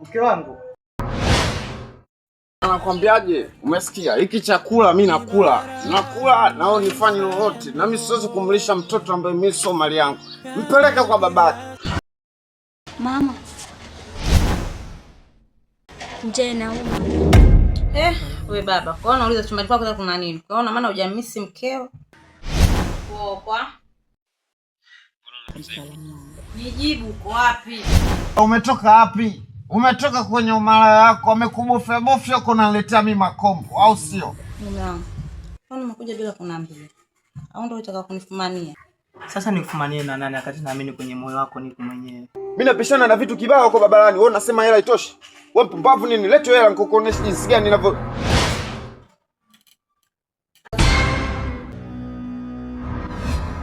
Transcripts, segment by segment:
mke wangu. Nakwambiaje, umesikia? Hiki chakula mi nakula nakula, nao nifanye lolote, nami siwezi kumlisha mtoto ambaye mi sio mali yangu. Mpeleke kwa babake. Mama mjee, nauma. Eh, we baba, kwa nini unauliza chumbani kwako kuna nini? Kwa nini maana hujamisi mkeo? Kwa nijibu, uko wapi? Umetoka wapi? umetoka kwenye umara yako, amekubofya bofya huko, naletea mi makombo, au sio? Nimekuja bila kuniambia, au ndio unataka kunifumania? Sasa nikufumanie na nani, wakati naamini kwenye moyo wako niko mwenyewe. Mimi napishana na vitu kibao huko barabarani, wewe unasema hela itoshi? Wewe mpumbavu nini? Lete hela nikukuoneshe jinsi gani ninavyo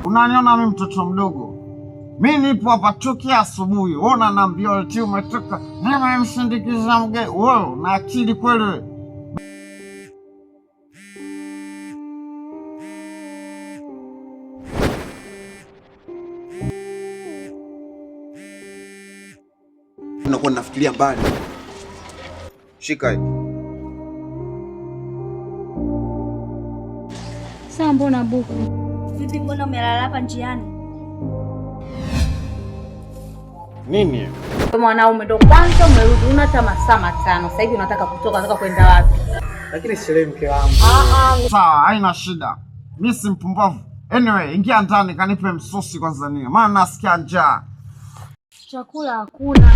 Unaniona mimi mtoto mdogo mi nipo hapa tokea asubuhi, ona naambia eti umetoka, nimemsindikiza mgeni wewe, na akili kweli. Unakuwa nafikiria mbali. Shika hii. Saa mbona buku vipi? Mbona umelala hapa njiani? Nini? Mwanaume ndo kwanza umerudi, una tamaa matano. Sasa hivi unataka kutoka, unataka kwenda wapi? Lakini sielewi mke wangu. Ah, ah. Sawa, haina shida. Mimi si mpumbavu. Anyway, ingia ndani kanipe msosi kwanza nini? Maana nasikia njaa. Chakula hakuna.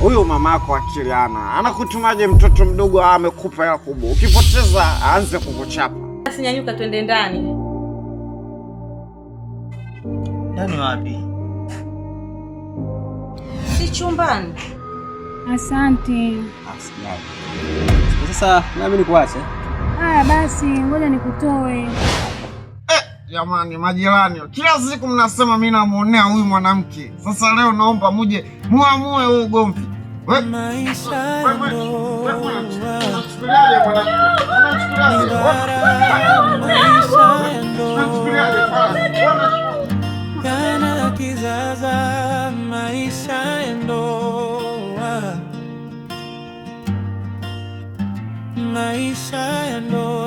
Huyu mamako akili ana. Anakutumaje mtoto mdogo amekupa ya kubwa? Ukipoteza aanze kukuchapa. Basi nyanyuka twende ndani. Ndani wapi? chumbani. Asante. Sasa nami nikuache. Haya basi, ngoja nikutoe. Jamani, majirani, kila siku mnasema mimi namuonea huyu mwanamke. Sasa leo naomba muje muamue huu ugomvi. Wewe maisha ya ndoa, maisha ya ndoa.